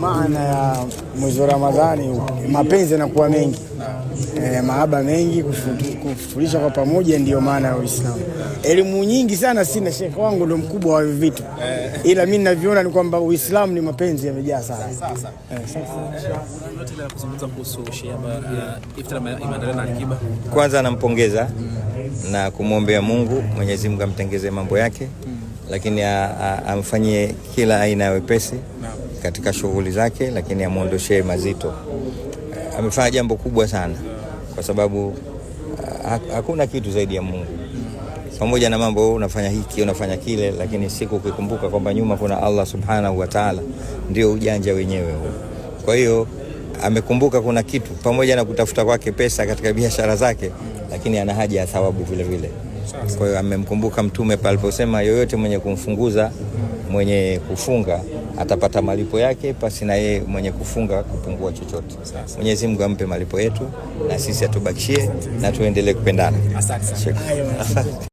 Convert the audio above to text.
maana ya mwezi wa Ramadhani, mapenzi yanakuwa mengi, e, mahaba mengi, kufurisha kwa pamoja, ndiyo maana ya Uislamu. Elimu nyingi sana sina, shekhe wangu ndo mkubwa wa vitu, ila mi navyoona ni kwamba Uislamu ni mapenzi yamejaa sana. E, Kwanza anampongeza na kumwombea Mungu Mwenyezi Mungu amtengeze mambo yake, hmm. lakini amfanyie kila aina ya wepesi katika shughuli zake, lakini amwondoshee mazito. Eh, amefanya jambo kubwa sana, kwa sababu eh, hakuna kitu zaidi ya Mungu. Pamoja na mambo unafanya hiki unafanya kile, lakini siku ukikumbuka kwamba nyuma kuna Allah subhanahu wa ta'ala, ndio ujanja wenyewe huo. Kwa hiyo amekumbuka kuna kitu, pamoja na kutafuta kwake pesa katika biashara zake, lakini ana haja ya thawabu vile vile. Kwa hiyo amemkumbuka Mtume paliposema, yoyote mwenye kumfunguza mwenye kufunga atapata malipo yake pasi na yeye mwenye kufunga kupungua chochote. Mwenyezi Mungu ampe malipo yetu na sisi atubakishie na tuendelee kupendana. Asante.